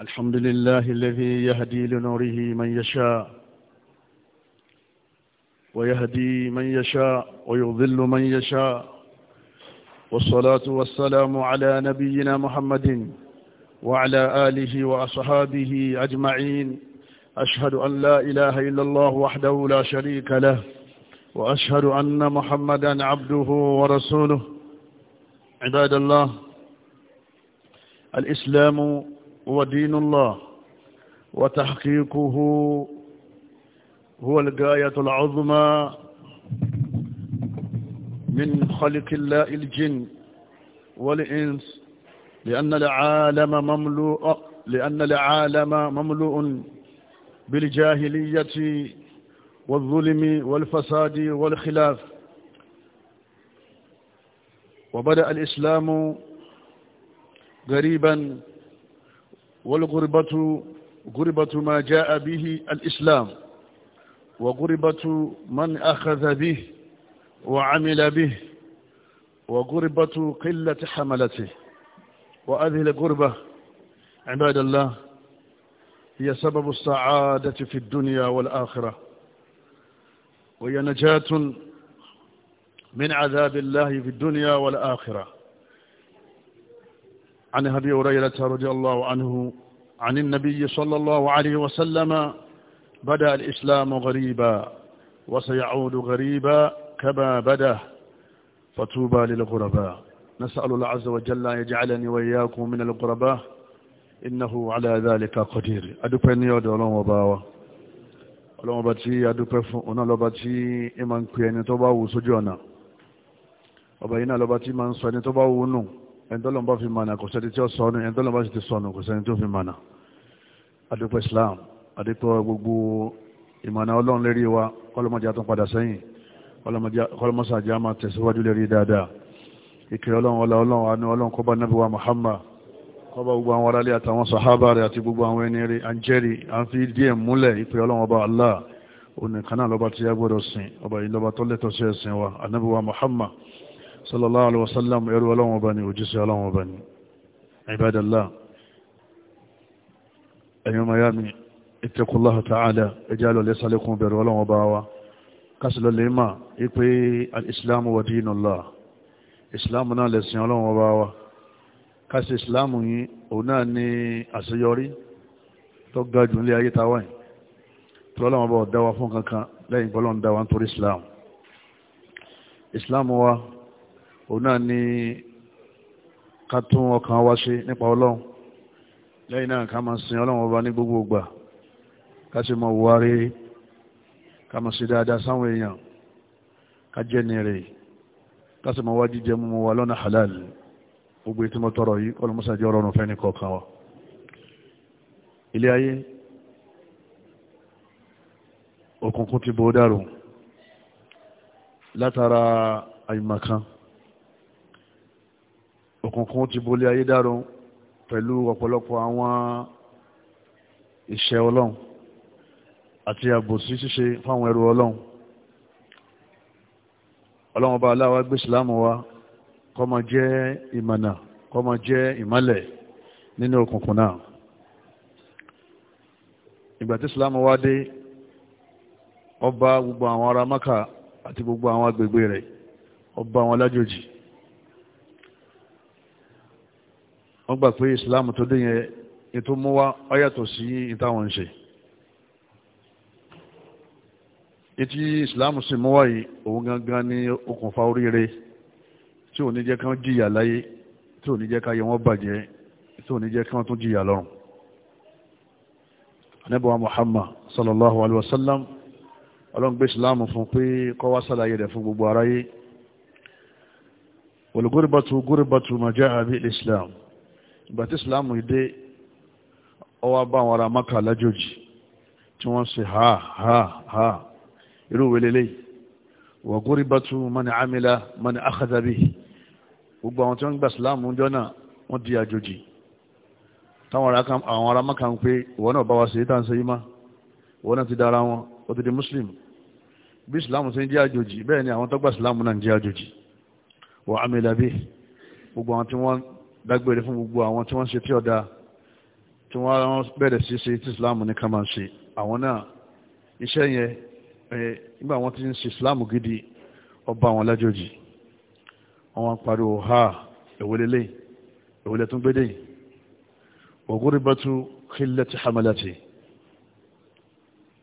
الحمد لله الذي يهدي لنوره من يشاء ويهدي من يشاء ويضل من يشاء والصلاة والسلام على نبينا محمد وعلى آله وأصحابه أجمعين أشهد أن لا إله إلا الله وحده لا شريك له وأشهد أن محمدا عبده ورسوله عباد الله الإسلام ودين الله وتحقيقه هو الغاية العظمى من خلق الله الجن والإنس لأن العالم مملوء لأن العالم مملوء بالجاهلية والظلم والفساد والخلاف وبدأ الإسلام غريبا والغربة غربة ما جاء به الإسلام وغربة من أخذ به وعمل به وغربة قلة حملته وهذه الغربة عباد الله هي سبب السعادة في الدنيا والآخرة وهي نجاة من عذاب الله في الدنيا والآخرة عن أبي هريرة رضي الله عنه عن النبي صلى الله عليه وسلم بدأ الإسلام غريبا وسيعود غريبا كما بدأ فطوبى للغرباء نسأل الله عز وجل يجعلني وإياكم من الغرباء إنه على ذلك قدير أدوبني ودولون وباوة ọlọ́wọ́n bá tí adúpẹ́ fún ọ̀nà lọ́ba tí ẹ máa ń pè ẹni tó bá wù ẹ̀ńtọ́lọ́mbà fi mọ̀nà kò sẹ́ni tí ó sọnù ẹ̀ńtọ́lọ́mbà sì ti sọnù kò sẹ́ni tí ó fi mọ̀nà adúpẹ́ Islam adúpẹ́ gbogbo ìmọ̀nà ọlọ́run lérí wa kọ́lọ́mọdé àtún padà sẹ́yìn kọ́lọ́mọsàájá máa tẹ̀síwájú lérí dáadáa ìkẹ́ ọlọ́run ọlá ọlọ́run àánú ọlọ́run kọ́ba nábì wa Muhammad kọ́ba gbogbo àwọn aráalé àtàwọn sàhábà rẹ̀ àti gbogbo àwọn ẹni rẹ̀ à ń jẹ́rì fi díẹ̀ múlẹ̀ ìpè ọlọ́run ọba Allah onìkan náà lọ́ba tí a gbọ́dọ̀ sìn ọba yìí lọ́ba tó lẹ́tọ̀ọ́ sí ẹ̀sìn wa ànábì wa Muhammad sallallahu alaihi wasallam ẹrú ọlọ́wọ́n bá ní òjíṣẹ́ ọlọ́wọ́n bá ní ibadallah ẹ̀yin miami ittaqullaha ta'ala ẹjá lọ lẹ́sàlẹ́kùn bẹ̀rù ọlọ́wọ́n bá wa kásìlọ lè máa ipé al-islamu wa dinullah islamu náà lẹ̀sìn ọlọ́wọ́n bá wa kásì islamu yìí òun náà ní àṣeyọrí tó ga jù nílé ayé táwa yìí tó ọlọ́wọ́n bá dáwà fún kankan lẹ́yìn pọ́lọ́n dáwà nítorí islam islam wa òun náà ni ká tún ọkàn wa ṣe nípa ọlọ́run lẹ́yìn náà ká máa sin ọlọ́run ọba ní gbogbo ìgbà ká sì mọ wà rí ká máa ṣe dáadáa sáwọn èèyàn ká jẹ́ ní rè ká sì mọ wá jíjẹ mímu wa lọ́nà halal gbogbo ètò mọ́ tọrọ yìí kọlọmọ́sá jẹ́ ọlọ́run fẹ́ ní kọ̀ọ̀kan wa ilé ayé òkùnkùn ti bò dàrú látara àyùmọ̀kan òkùnkùn ti bolé ayé dárun pẹ̀lú ọ̀pọ̀lọpọ̀ àwọn ìṣẹ́ ọlọ́run àti àbòsí ṣíṣe fáwọn ẹrú ọlọ́run ọlọ́run ọba aláwa gbé ìsìlámù wa kó máa jẹ́ ìmọ̀nà kó máa jẹ́ ìmọ́lẹ̀ nínú òkùnkùn náà ìgbà tí ìsìlámù wa dé ó bá gbogbo àwọn ará Mákà àti gbogbo àwọn agbègbè rẹ̀ ó bá wọn wọ́n gbà pé islam tó dé yẹn ètò mú wá ọ̀yàtọ̀ sí ìtàwọn ń ṣe etí islam sì mú wá yìí òun gangan ní okùnfà oríire tí ò ní jẹ́ kán jìyà láyé tí ò ní jẹ́ káyé wọn bàjẹ́ tí ò ní jẹ́ kán tún jìyà lọ́run anábọ̀wá muhammad sallallahu alaihi wasallam ọlọ́run gbé islam fún pé kó wá ṣàlàyé rẹ̀ fún gbogbo aráyé wal gurbatu gurbatu ma islam ìgbà tí islam dé ọwọ́ bá àwọn ará maka lájòjì tí wọ́n ṣe ha ha ha irú wẹlẹ́lẹ́ wà górí bá tún mani amila mani akadabi gbogbo àwọn tí wọ́n gba islam jọ náà wọ́n di àjòjì táwọn ará maka ń pé ìwọ náà bá wa ṣe tán ṣe má ìwọ náà ti dára wọn ó ti di muslim bí islam ṣe ń jẹ́ àjòjì bẹ́ẹ̀ ni àwọn tó gba islam náà ń jẹ́ àjòjì wà amila bí gbogbo àwọn tí wọ́n dágbére fún gbogbo àwọn tí wọ́n ṣe tí ọ̀dá tí wọ́n bẹ̀rẹ̀ sí ṣe tí islam ní ká máa ṣe àwọn náà iṣẹ́ yẹn nígbà wọ́n ti ń ṣe islam gidi ọba àwọn lájòjì wọ́n pariwo ha ìwélélé ìwélé tó ń gbédè ògúrí bọ́tú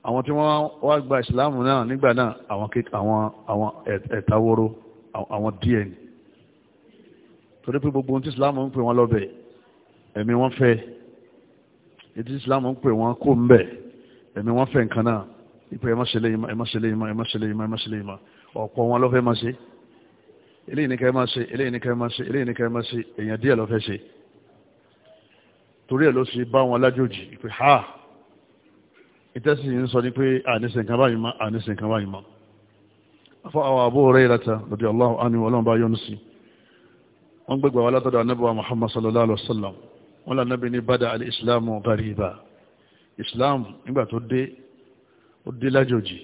àwọn tí wọ́n wá gba islam náà nígbà náà àwọn ẹ̀tàwóró àwọn díẹ̀ torí pé gbogbo ohun tí islam ń pè wọ́n lọ́bẹ̀ ẹ̀mí wọ́n fẹ́ ètí islam ń pè wọ́n kó ń bẹ̀ ẹ̀mí wọ́n fẹ́ nǹkan náà ìpè ẹ má ṣe léyìn ẹ má ṣe léyìn ẹ má ṣe léyìn ẹ má ṣe léyìn ọ̀pọ̀ wọn lọ́fẹ́ má ṣe eléyìí ní ká má ṣe eléyìí ní ká má ṣe eléyìí ní ká má ṣe èèyàn díẹ̀ lọ́fẹ́ ṣe torí ẹ̀ ló ṣe bá wọn lájòjì pé ha ìtẹ́sí ń sọ ní pé àníṣe nǹkan báyìí mọ́ àníṣe nǹkan báyìí mọ́ afọ àwọn àbúrò rẹ̀ ìlàta lọ́dí ọlọ́run á ní ọlọ́run bá yọ́nu sí i wọ́n gbẹ̀gbà wá látọ̀dọ̀ anábọ̀ Muhammad sallallahu alaihi wasallam wọ́n lànà bí ní bada al-islamu ghariba islam nígbà tó dé ó dé lájòjì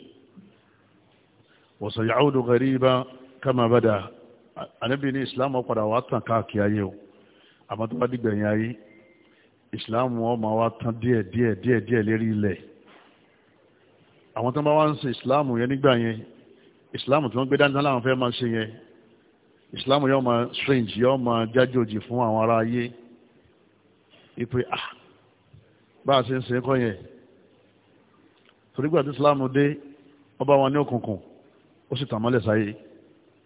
wa sayaudu ghariba kama bada anábì ní islam ó padà wá tàn káàkiri ayé o àmọ́ tó bá dìgbẹ̀yìn ayé islam ó máa wá tàn díẹ̀ lérí ilẹ̀ àwọn tó bá wá ń ṣe islam yẹn nígbà yẹn islam tí wọ́n gbé dáńtán láwọn fẹ́ máa ṣe yẹn islam yóò máa strange yóò máa jájòjì fún àwọn ará ayé ìpè ah bá a ṣe ń ṣe kọ́ yẹn torígbà tí islam dé ọba wọn ní òkùnkùn ó sì tàn mọ́lẹ̀ sáyé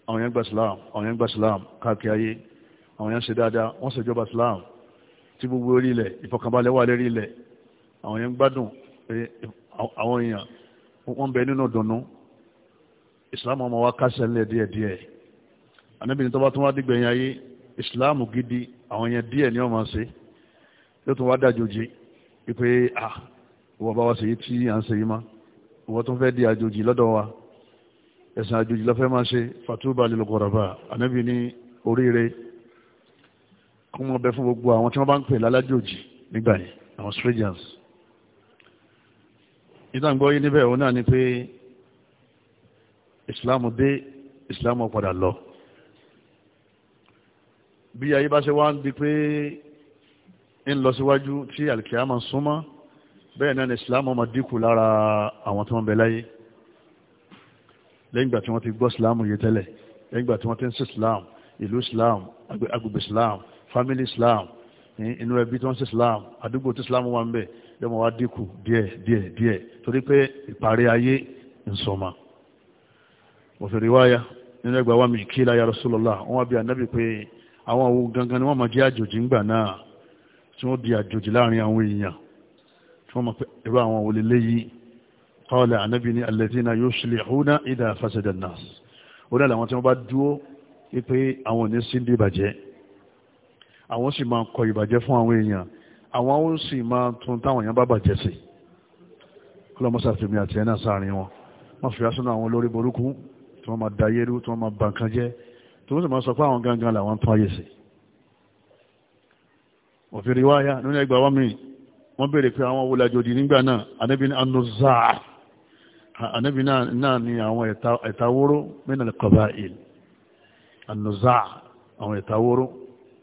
àwọn yẹn gba islam àwọn yẹn gba islam káàkiri ayé àwọn yẹn ṣe dáadáa wọ́n ṣèjọba islam tí gbogbo orí ilẹ̀ ìfọkànbalẹ̀ wà lérí ilẹ̀ àwọn yẹn gbádùn àwọn èèyàn wọ́n bẹ nínú dùnnú islam ọmọ wa kásẹ̀ lẹ̀ díẹ̀díẹ̀ anábìrin tó bá tún wá dìgbẹ̀yìn ayé ìsìláàmù gidi àwọn yẹn díẹ̀ ni wọ́n máa ṣe yóò tún wá dájòjì pé à wọ́n bá wá ṣe yí tí à ń ṣe yí má wọ́n tún fẹ́ di àjòjì lọ́dọ̀ wa ẹ̀sìn àjòjì lọ́fẹ́ máa ṣe fatuba lil ghuraba oríire kó wọ́n bẹ fún gbogbo àwọn tí wọ́n bá ń pè lálájòjì nígbà yẹn àwọn strangers ìtàǹgbọ́ yìí níbẹ̀ òun náà ni pé ìsìláàmù dé ìsìláàmù padà lọ bí ayé bá ṣe wá ń di pé ń lọ síwájú tí alkiyama súnmọ́ bẹ́ẹ̀ náà ni islam ọmọ dínkù lára àwọn tó ń bẹ láyé lẹ́yìn tí wọ́n ti gbọ́ islam yé tẹ́lẹ̀ lẹ́yìn tí wọ́n ti ń sí islam ìlú islam agbègbè islam family islam inú ẹbí tí wọ́n sí islam àdúgbò tí islam wà ń bẹ yọmọ wá dínkù díẹ̀ díẹ̀ díẹ̀ torí pé ìparí ayé ń sọmọ òfin riwaya nínú ẹgbàá wa mi kí láyà rasulullah wọn wá bí anábì pé àwọn àwo gangan ni wọ́n máa jẹ́ àjòjì ńgbà náà tí wọ́n di àjòjì láàrin àwọn èèyàn tí wọ́n máa pẹ́ irú àwọn òwò yìí qala ànábì ní alladhina yuslihuna idha fasada an-nas ó dà láwọn tí wọ́n bá dúó pé àwọn ní sí ní ìbàjẹ́ àwọn sì máa kọ ìbàjẹ́ fún àwọn èèyàn àwọn ó sì máa tún táwọn èèyàn bá bàjẹ́ sí kọlọmọsà fèmí àti ẹ̀ náà sáàrin wọn wọ́n fi tó sì máa sọ pé àwọn gangan làwọn tún ayé sí òfin riwaya nínú ẹgbàá wọn mi wọ́n béèrè pé àwọn wo làjòdì nígbà náà anábì ní anuzaa anábì náà ni àwọn ẹ̀tàwóró mẹ́nà qabail anuzaa àwọn ẹ̀tàwóró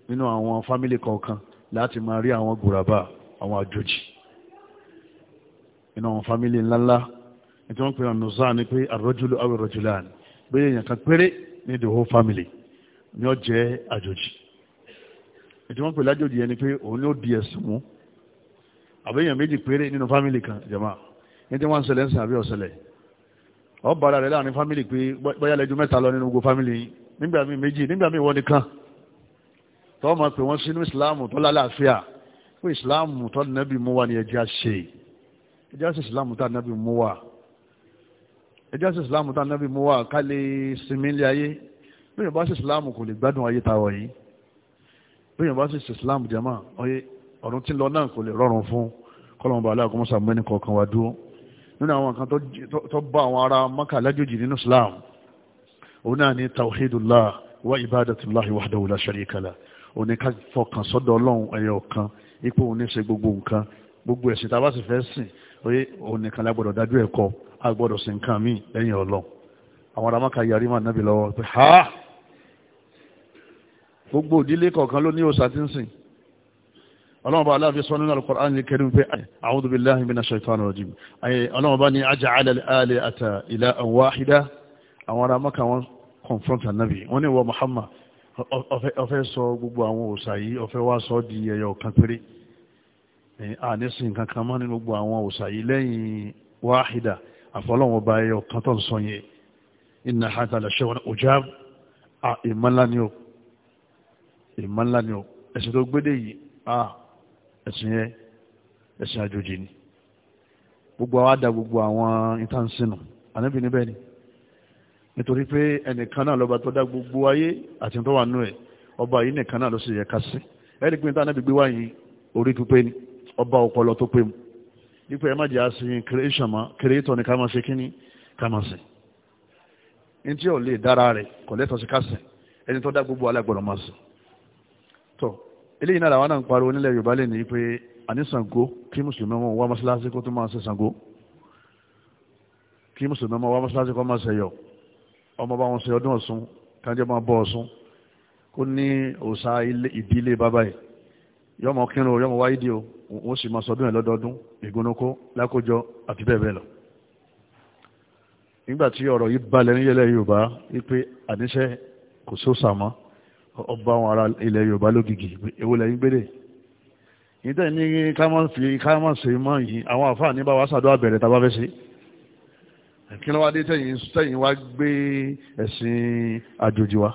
nínú àwọn fámílì kọ̀ọ̀kan láti máa rí àwọn gùràbà àwọn àjòjì nínú àwọn fámílì ńláńlá ètò wọn pe anuzaa ni pé arrajulu aw arrajulan bẹ́ẹ̀ èèyàn kan péré ní the whole family ni ó jẹ́ àjòjì ètò wọn pè lájòjì yẹn ni pé òun ni ó di ẹ̀sùn mú àbẹ́yàn méjì péré nínú family kan jẹ̀mọ́ ní tí wọ́n ń ṣẹlẹ̀ ń sìn àbí ọ̀ṣẹlẹ̀ ọ bára rẹ̀ láàrin family pé bóyá lẹ́jọ́ mẹ́ta lọ nínú gbogbo family nígbà míì méjì nígbà míì wọ́n nìkan tọ́ ma pè wọ́n sínú ìsìláàmù tó lálàáfíà fún ìsìláàmù tó nàbì mú wa ni ẹja ṣe ẹja ṣe ìsìláàmù tó nàbì mú wa ẹjọ́ sí ìsìláàmù tá nábì mú wá ká lè sinmi ilé ayé bíyàn bá sí ìsìláàmù kò lè gbádùn ayé ta wọ̀nyí bíyàn bá sí ìsìláàmù jẹ́mà ọyẹ ọ̀run tí lọ náà kò lè rọrùn fún kọ́lọ̀mù bàálà kó mọ́sà mẹ́ni kọ̀ọ̀kan wá dúró nínú àwọn kan tó bá àwọn ará Mákà lájòjì nínú ìsìláàmù òun náà ní tawhidullah wa ibadatullahi wahdahu la sharika òun ní ká fọkàn sọ́dọ̀ Ọlọ́run ẹyọ kan ipò òun ní ṣe gbogbo nǹkan gbogbo ẹ̀sìn tá a bá sì fẹ́ sìn oye òun nìkan lágbọ́dọ̀ dájú ẹ̀ kọ́ agbọ́dọ̀ sí nǹkan míì lẹ́yìn ọlọ́run àwọn aramaka yarí máa nábì lọ́wọ́ pé ha gbogbo ìdílé kọ̀ọ̀kan ló ní òòsà tí ń sìn ọlọ́run bá aláàfin sọ nínú al-Qur'an al-Karim pé a'udhu billahi minash shaitani rajim ọlọ́run bá ní aja'ala al-alihata ilahan wahida àwọn aramaka wọn confront anabi wọn ní ìwọ Muhammad ó fẹ́ sọ gbogbo àwọn òòsà yìí ó fẹ́ wá sọ di ẹyọ kan péré àníṣe nǹkan kan mọ́ ní gbogbo àwọn òòṣà yìí lẹ́yìn wáhídà àfọlọ́wọ́n bá ẹyọ kan tó ń sọ yẹn iná hàtà lẹ́ṣẹ́ wọn òjá ìmọ̀lá ni ó ìmọ̀lá ni ó ẹ̀sìn tó gbédè yìí ẹ̀sìn yẹn ẹ̀sìn àjòjì ni gbogbo àwọn àdá gbogbo àwọn ìtànsìnù ànábì níbẹ̀ ni nítorí pé ẹnìkan náà lọ́ba tó dá gbogbo ayé àti tó wà nú ẹ̀ ọba yìí nìkan náà ló sì yẹ ká sí ẹ̀ẹ́dẹ́gbẹ̀ta ànábì gbé wáyé orí pípé ni ọba ọpọlọ tó pé mu nípa ẹ má jẹ́ àsìn creation ma creator ni ká máa ṣe kíní ká máa sìn ní tí ò lè dára rẹ̀ kò lẹ́tọ̀ sí ká sìn ẹni tó dá gbogbo alágbọ̀dọ̀ máa sìn tó eléyìí náà làwọn náà ń pariwo nílẹ̀ Yorùbá lè ní pé àní Ṣàngó kí mùsùlùmí wọn wá mọ́ṣáláṣí kó tó máa ṣe Ṣàngó kí mùsùlùmí wọn wá mọ́ṣáláṣí kó máa ṣẹ̀yọ ọmọ bá wọn ṣe ọdún Ọ̀ṣun kájọ́ máa bọ Ọ̀ṣun kó ní òòṣà ìdílé bàbá yọmọ kírun yọmọ wáyé di o wọ́n sì máa sọdún ẹ̀ lọ́dọọdún ìgbónúkó lákòjọ àti bẹ́ẹ̀ bẹ́ẹ̀ lọ. nígbà tí ọ̀rọ̀ yìí balẹ̀ ní ilẹ̀ yorùbá wípé àníṣe kò só sàmọ́ ọba àwọn ará ilẹ̀ yorùbá lógìgì ewu lẹ́yìn gbélé. yìí tẹ̀ ní kámọ́sì kámọ́sì mọ́ yìí àwọn àfáà ní bá sàdó àbẹ̀rẹ̀ tá a bá fẹ́ ṣe. kí ló wá dé tẹ̀yìn tẹ̀yìn wá gbé ẹ̀sìn àjòjì wa.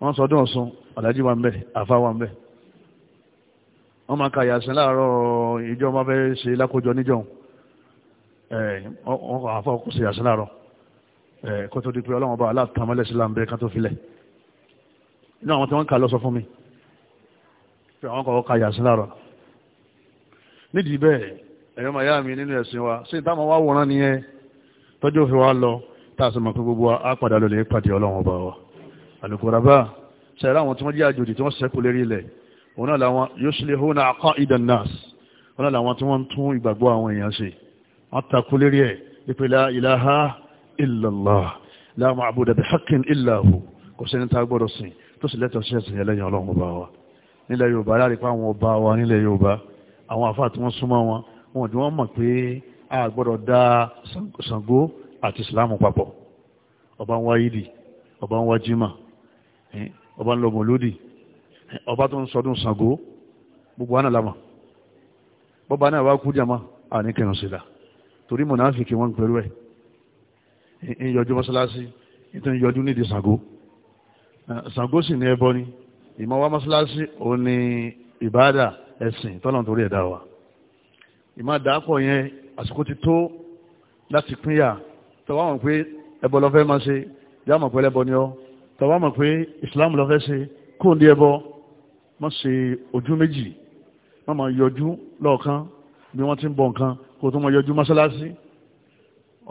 wọ́n sọdún ọ̀sùn alájí wa ń bẹ̀ àfa wa ń bẹ̀ wọ́n máa ka yàsìn láàárọ̀ ìjọ máa fẹ́ ṣe lákòjọ níjọ wọ́n kò àfọ́ kó ṣe yàsìn láàárọ̀ kó tó di pé ọlọ́wọ́n bá aláàtàmọ́lẹ̀ sí láǹbẹ̀ ká tó filẹ̀ inú àwọn tí wọ́n ń kà lọ sọ fún mi pé àwọn kọ̀ọ̀kan ka yàsìn láàárọ̀ nídìí bẹ́ẹ̀ ẹ̀yọ́ máa yá mi nínú ẹ̀sìn wa ṣé ìtàwọn wá wòran nìyẹn tọ́jú òfin wa lọ tá a sì mọ̀ pé gbogbo òun náà làwọn yuslihuna aqaidan nas òun náà làwọn tí wọ́n ń tún ìgbàgbọ́ àwọn èèyàn ṣe wọ́n takú lérí ẹ̀ wípé la ilaha illallah la ma'buda bihaqqin illa hu kò sẹ́ni tá a gbọ́dọ̀ sìn tó sì lẹ́tọ̀ọ́ sí ẹ̀sìn ẹlẹ́yìn ọlọ́run ọba wa nílẹ̀ yorùbá láti pa àwọn ọba wa nílẹ̀ yorùbá àwọn àfáà tí wọ́n súnmọ́ wọn wọn ni wọ́n mọ̀ pé a gbọ́dọ̀ dá Ṣàngó àti ìsìláàmù papọ̀ ọba ń wá yídì ọba ń wá jimá ọba ń lọ mọ̀lódì ọba tó ń sọdún Ṣàngó gbogbo àná lámà bọ́ba náà wá kú jàmá àní kẹrùn sílá torí mùnáfíkì wọn pẹ̀lú ẹ̀ ń yọjú mọ́sálásí ètò ń yọjú nídìí Ṣàngó Ṣàngó sì ní ẹbọ ni ìmọ̀ wá mọ́sálásí òun ni ìbáàdà ẹ̀sìn tọ́nà torí ẹ̀dá wa ìmọ̀ àdàpọ̀ yẹn àsìkò ti tó láti pínyà tọ́wọ́ àwọn pé ẹbọ lọ́fẹ́ máa ṣe jáàmọ̀ pẹ́lẹ́bọ ni ọ́ tọ́wọ́ àwọn pé ìsìláàmù lọ́fẹ́ ṣe kóòndé ẹbọ má ṣe ojú méjì má máa yọjú lọ́ọ̀kan bí wọ́n ti ń bọ̀ nǹkan kó tó máa yọjú mọ́ṣáláṣí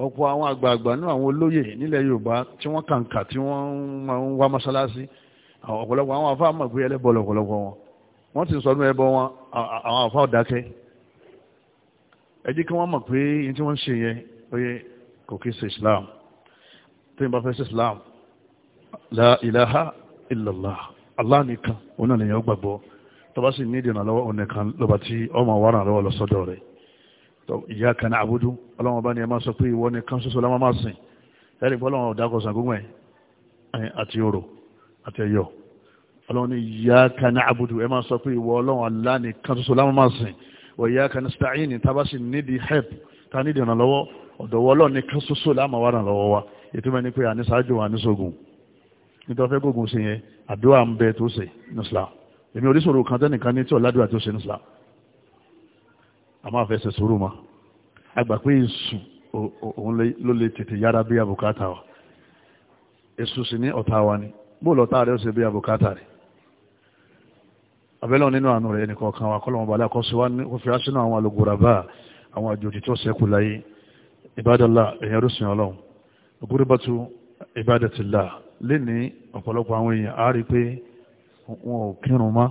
ọ̀pọ̀ àwọn àgbààgbà nínú àwọn olóyè nílẹ̀ yorùbá tí wọ́n kàǹkà tí wọ́n máa ń wá mọ́ṣáláṣí ọ̀pọ̀lọpọ̀ àwọn àfáà mọ̀ pé ẹlẹ́bọ lọ̀pọ̀lọpọ̀ wọn wọ́n ti sọnú ẹbọ wọn àwọn àfáà dákẹ́ ẹ jẹ́ kí wọ́n mọ̀ pé yín tí wọ́n ń ṣe yẹn oyè kò kí ṣe islam tí n bá fẹ́ ṣe islam la ilaha illallah Allah nìkan òun náà lèyàn gbàgbọ́ tó bá sì nídìí ìrànlọ́wọ́ òun nìkan lọ́ba tí ọmọ wa ràn lọ́wọ́ lọ́sọ́dọ̀ rẹ̀ ìyá kan àbúdú ọlọ́wọ́n bá ní ẹ máa sọ pé ìwọ nìkan ṣoṣo la máa sìn ẹ̀rí pé ọlọ́wọ́n ọ̀dà kọsàn gbogbo ẹ̀ àti orò àti ẹ̀yọ ọlọ́wọ́n ní ìyá kan àbúdú ẹ máa sọ pé ìwọ ọlọ́wọ́n Allah nìkan ṣoṣo la máa sìn wọ ìyá kan sta'in tá bá sì nídìí help tá nídìí ìrànlọ́wọ́ ọ̀dọ̀wọ́ ọlọ́wọ́n nìkan ṣoṣo la wà ràn lọ́wọ́ wa ètò mẹ́ni pé àníṣáájú àníṣogun nítorí fẹ́ gbógun ṣe yẹn àdúrà ń bẹ tó ṣe nùsùlá èmi oríṣiríṣi kan tẹ́nìkan ní tí ọ̀làdúrà tó ṣe nùsùlá a máa fẹsẹ̀ sùúrù mọ́ àgbà pé èṣù òun ló lè tètè yára bí àbùkátà wa èṣù sì ní ọ̀tá wa ni bóòlù ọ̀tá rẹ̀ ó ṣe bí àbùkátà rẹ̀ abẹ́lẹ́ nínú àánú rẹ̀ ẹnì kọ̀ọ̀kan wa kọ́lọ́mọ balẹ̀ kọ́ wa ó fi aṣínú àwọn alògbòràbá àwọn àjòjì tó ṣẹ́kù láyé ìbádọ́lá èèyàn ọlọ́run òbúrúbátú ìbádẹ́tìlá léni ọ̀pọ̀lọpọ̀ àwọn èèyàn á rí i pé wọn ò kírun mọ́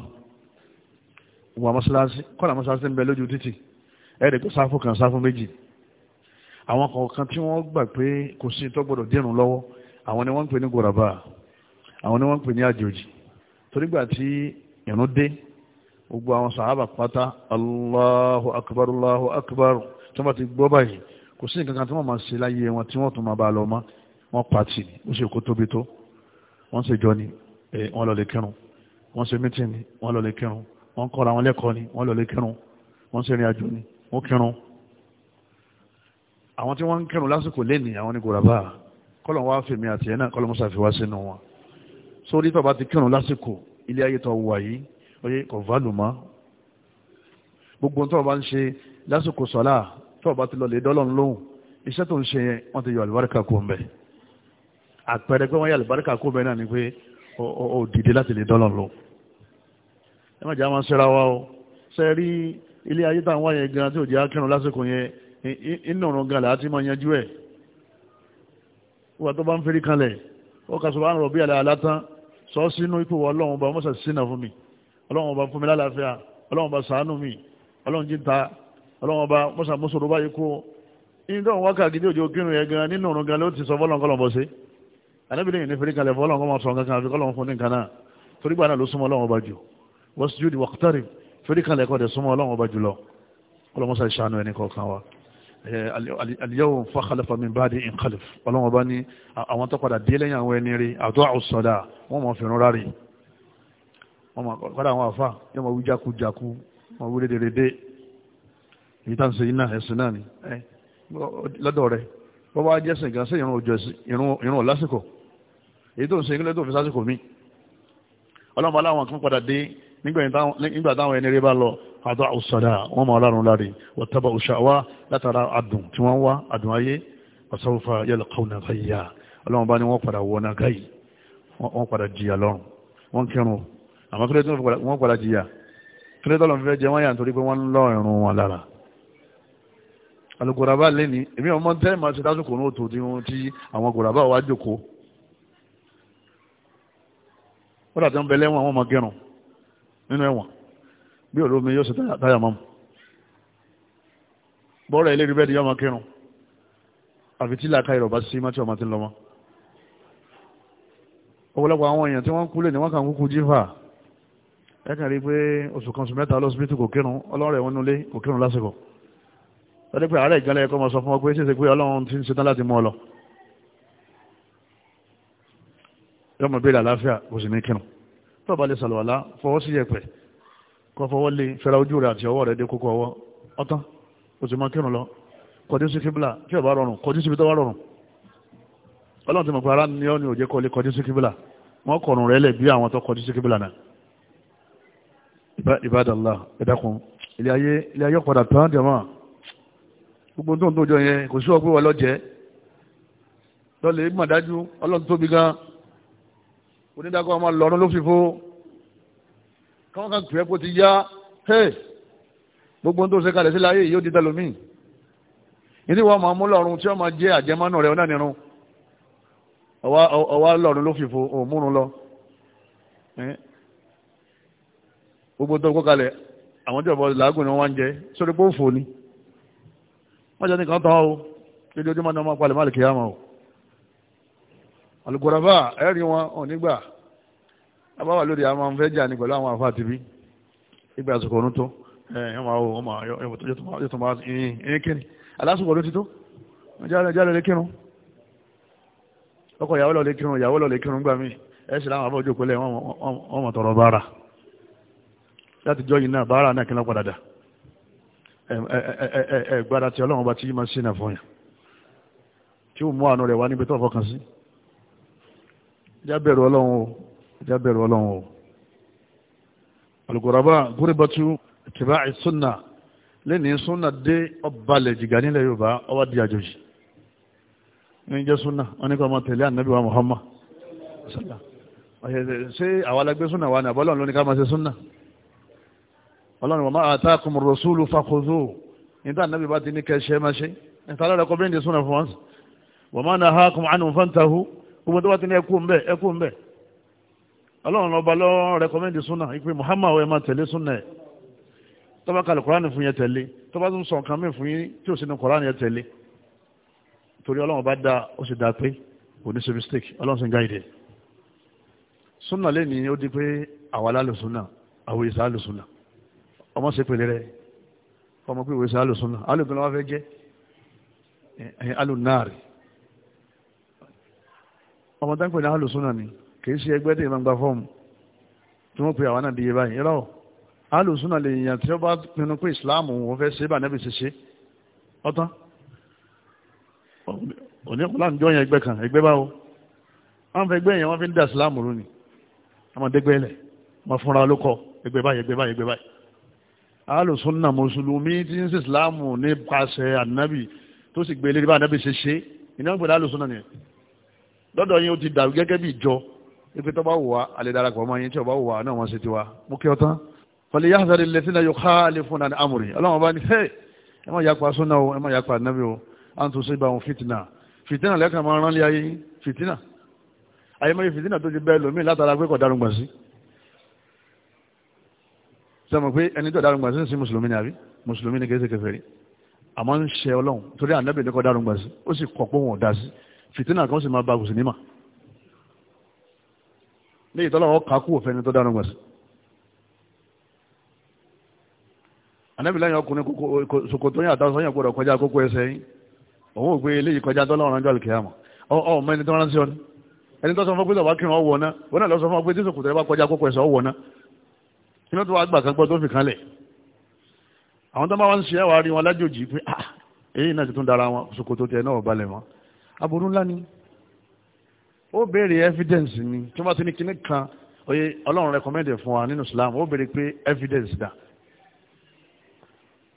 wọn mọ́ṣáláṣí kọ́lá mọ́ṣáláṣí ń bẹ lójú títì ẹ̀rẹ̀ kó sáfù kan sáfù méjì àwọn kọ̀ọ̀kan tí wọ́n gbà pé kò sí tó gbọ́dọ̀ dírun lọ́wọ́ àwọn ni wọ́n ń pè ní gòràbà àwọn ni wọ́n ń pè ní àjòjì torígbà tí ìrún dé gbogbo àwọn sàhábà pátá Allahu akbar Allahu akbar tí wọ́n bá ti gbọ́ báyìí kò sí nǹkan kan tí wọ́n máa ṣe láyé wọn tí wọ́n tún máa bá lọ mọ́ wọ́n pàtì ni ó ṣe kó tóbi tó wọ́n ṣe jọ ni wọ́n lọ lè kírun wọ́n ṣe mítìn ni wọ́n lọ lè kírun wọ́n kọ́ra wọn lẹ́kọ̀ọ́ ni wọ́n lọ lè kírun wọ́n ṣe ìrìn àjò ni wọ́n kírun àwọn tí wọ́n ń kírun lásìkò lẹ́nì àwọn ní gòràbà kọ́lọ̀ wá fèmí àti ẹ̀ náà kọ́lọ̀ mọ́sá fi wá sínú wọn sórí tó bá ti kírun lásìkò ilé ayé tó wà yìí oyè kò válù mọ́ gbogbo tó bá ń ṣe lásìkò àpẹẹrẹ pé wọ́n yà lùbáríkà kó bẹ́ẹ̀ náà ni pé ó dìde láti lè dọ́lọ̀ ẹ má jẹ́ àwọn aṣẹ́ra wa o ṣe rí ilé ayé táwọn wáyé gan tí ò jẹ́ akẹ́rùn lásìkò yẹn iná ọ̀ràn gan làá ti máa yanjú ẹ̀. wọ́n tó bá ń fẹ́rí kanlẹ̀ ó kà sọ̀rọ̀ àrùn rọ̀bí àlẹ́ alátán sọ sínú ipò ọlọ́run ọba mọ́sà sínà fún mi ọlọ́run ọba fún mi lálàáfíà ọlọ́run ọba ṣàánú mi ọlọ́run jíta ọlọ́run ọba mọ́sà mọ́sọ̀rọ̀ báyìí kó inú tó ń wákàtí òjò kírun yẹn gan nínú ọ̀ràn gan ló ti sọ fọ́lọ́n kọ́lọ́n anábìlẹ̀ yìí ní fèrè kalẹ̀ fọlọ́n kọ́ máa sọ kankan àfi kọ́lọ́n fún ní nǹkan náà torí gbà náà ló súnmọ́ ọlọ́run ọba jù wasjudi waqtarib fèrè kalẹ̀ kọ́ dẹ̀ súnmọ́ ọlọ́run ọba jù lọ kọ́lọ́mọ́sá ìṣàánú ẹni kọ̀ọ̀kan wa al-yawma fa khalafa min ba'dihim khalaf ọlọ́run ọba ní àwọn tó padà dé lẹ́yìn àwọn ẹni rí ada'u s-salah wọ́n mọ̀ fìrún rárẹ̀ kọ́dà àwọn àfà yóò máa wí jákujáku máa wí rédèrèdè èyí tá à ń ṣe iná ẹ̀sìn náà ni lọ́dọ̀ rẹ̀ èyí tó ń ṣe kílẹ̀ tó fi sásìkò mí ọlọ́mọ aláwọn kan padà dé nígbà táwọn ẹni rí bá lọ àdó àwùsọ̀dá wọn mọ ọlọ́run láre wọ́tábà òṣàwá látara adùn tí wọ́n wá adùn ayé ọ̀sọ́fà yẹlẹ̀ kọ́nà káyà ọlọ́mọ bá ní wọ́n padà wọ́n náà káyì wọ́n padà jìyà lọ́rùn wọ́n kírun àmọ́ kílẹ̀ tó wọ́n padà jìyà kílẹ̀ tó lọ́n fẹ́ jẹ wọ́n yà nítorí pé wọ́n lọ́ ìrun wọn lára alùkòràbà lẹ́ni èmi ọmọ tẹ́ máa ṣe dásùkò náà tó ti àwọn kòràbà wá jókòó wọ́n dàtí ń bẹ lẹ́wọ̀n àwọn ọmọ gẹrun nínú ẹ̀wọ̀n bí olómi yóò ṣe táyà mọ́mù bọ́ọ̀rọ̀ ilé rí bẹ́ẹ̀dì yọmọ kírun àfi tí làákà ìrọ̀bá sí mọ́tí ọmọ tí ń lọ́mọ́ ọ̀pọ̀lọpọ̀ àwọn èèyàn tí wọ́n kú lè ní wọ́n kàn kúkú jífà ẹ̀kàn rí pé oṣù kan oṣù mẹ́ta lọ́sibítù kò kírun ọlọ́run ẹ̀wọ̀n nulẹ̀ kò kírun lásìkò lọ́dẹ́ pé àárẹ̀ ìgbàlẹ̀ ẹ̀kọ́ mọ̀ sọ fún ọ pé ṣèṣe pé ọlọ́run ti ń ṣetán láti mú ọ lọ yọmọ bèèrè àláfíà kò sì ní kírun tó bá lè sàlùwàlá fọwọ́ sí yẹ̀pẹ̀ kọ́ fọwọ́ lé fẹ́ra ojú rẹ̀ àti ọwọ́ rẹ̀ dé kókó ọwọ́ ọ̀tán kò sì máa kírun lọ kọjú sí kíbílà tí ọba rọrùn kọjú síbi tó wá rọrùn ọlọ́run ti mọ̀ pé ara ní ọ́ ni òjẹ́ kọ́ lé kọjú sí kíbílà wọ́n kọ̀rùn rẹ̀ lẹ̀ bí àwọn tó kọjú sí kíbílà náà ìbádàlá ẹ̀dàkùn ilé ayé padà tán jẹ́mọ́ gbogbo tó ń tó jọ yẹn kò sí ọgbẹ́ onídàkọ́ ọmọ lọ́rùn ló fi fo káwọn kan pè é kó ti yá gbogbo tó ṣe kalẹ̀ sí láyé yóò di tẹlomi ìdí wọn máa mú lọ́rùn tí wọ́n máa jẹ́ àjẹmọ́nù rẹ̀ náà nírun ọwá lọ́rùn ló fi fo òmùrùn lọ gbogbo tó kó kalẹ̀ àwọn tí ọ̀bọ̀ làágùn ni wọ́n wá ń jẹ sórí pé ó fò ni wọ́n jẹ́ nìkan tán o lójoojúmọ́ ni wọ́n máa palẹ̀ má lè kíyàmọ́ o alùgbòràbà ẹ̀rí wọn ò nígbà abáwà lórí àwọn ọmọ fẹ́ jà ní pẹ̀lú àwọn àfáà tìbí ìgbà àsìkò ọdún tó ẹ̀yàn máa wọ́n máa yọ tó máa yín kíni alásùkò ọdún ti tó jálẹ̀ lè kírun ọkọ̀ ìyàwó lọ lè kírun ìyàwó lọ lè kírun gbà jábẹ̀rù ọlọ́run o jábẹ̀rù ọlọ́run o alùkòràbà gúrìbọ́tú tìbá ìsúnà lẹ́ni súnà dé ọbalẹ̀ jìgà nílẹ̀ yorùbá ọwá di àjòjì ní jẹ́ súnà wọn ní kọ́ ọmọ tẹ̀lé ànábì wa muhammad sọ́lá ṣé àwọn alágbé súnà wa ni àbọ́lọ́run ló ní ká máa ṣe súnà ọlọ́run wọn máa àtàkùn rọ̀ṣúlù fakòzó níta ànábì bá ti ní kẹ́ ṣe máa ṣe ìtàlẹ́ rẹ̀ kọ́ bí gbogbo tó bá ti ní ẹkú ń bẹ ẹkú ń bẹ ọlọ́run ọba lọ́wọ́ rẹkọmẹ́ndì súnà ìpè Muhammad ẹ̀ máa tẹ̀lé súnà ẹ̀ tọ́ba kalẹ̀ kọ́ránì fún yẹn tẹ̀lé tọ́ba tún sọ nǹkan mìíràn fún yín tí ò sí ní kọ́ránì yẹn tẹ̀lé torí ọlọ́run bá da ó sì dáa pé kò ní ṣe mistake ọlọ́run sì ń gáìdè súnà lẹ́nìí ó di pé àwa lálù súnà àwọn ìsà lù súnà ọmọ sì pèlè rẹ ọmọ pé ìwé ìsà lù súnà alùpùpù náà wá fẹ́ jẹ́ alùnáàrì ọmọ táǹpẹ̀ ní alùsùn náà ni kì í ṣe ẹgbẹ́ tí ìmọ̀ gba fọ́ọ̀mù tí wọ́n pe àwọn náà di iye báyìí rọ́ alùsùn náà lè yàn tí ó bá pinnu pé islam òun fẹ́ ṣe é bà nẹ́bí ṣe ṣe ọ̀tán òní ọ̀pọ̀ láǹjọ́ yẹn ẹgbẹ́ kan ẹgbẹ́ báwo wọ́n fẹ́ ẹgbẹ́ wọ́n fi ń da islam rú ni ọmọdégbé lẹ̀ wọ́n fúnra olókọ ẹgbẹ́ báyìí ẹgbẹ́ báyìí ẹgbẹ́ báyìí alùsùn lọ́dọ̀ yín ó ti dàrú gẹ́gẹ́ bí ìjọ ipe tó bá wù wá alẹ́ darapọ̀ mọ́ yín tí ó bá wù wá náà wọ́n ṣe ti wá mú kí ọ tán fọlẹ́ yá sáré lè sínú ayọ̀ káàlì fún ní amòrì ọlọ́run bá ní fẹ́ ẹ má yapa súnà o ẹ má yapa nábì o à ń tún sí ìbáwọn fìtínà fìtínà lẹ́kàn máa rán lé ayé fìtínà àyèmọ́ fìtínà tó ti bẹ́ẹ̀ lómi látara pé kò darúgbà sí sọmọ pé ẹni tó darúgbà sí ni àbí mùsùlùmí ni kì í ṣe kèfèrí àmọ́ ń ṣe ọlọ́run torí ànábì sí fìtínà kan sì máa ba kùsì nímà ní ìtọ́lọ́wọ́ kakú òfin ni tó dánu gbèsè anábìlẹ́yìn ọkùnrin ṣòkòtò yẹn àtàwọn sọ́yìn gbọ́dọ̀ kọjá kókó ẹsẹ̀ yìí òun ò gbé eléyìí kọjá tọ́lọ́run ọjọ́ àlùkìyàmà ọ mọ ẹni tó rán sí ọ ní ẹni tó sọ fún pé lọ́wọ́ kírun ọwọ́ náà wọn náà lọ sọ fún pé tí sòkòtò rẹ bá kọjá kókó ẹsẹ̀ ọwọ́ náà kí ló tó wá gbà kan gbọ́ tó fi kan lẹ̀ àwọn tó bá wá ń ṣe ẹwà rí wọn lájòjì pé ah èyí náà ti tún dára wọn sòkòtò tẹ náà balẹ̀ wọn aburú ńlá ni ó béèrè evidence ni tí wọ́n bá ti ní kinní kan oye ọlọ́run recommended fún wa nínú Islam ó béèrè pé evidence dà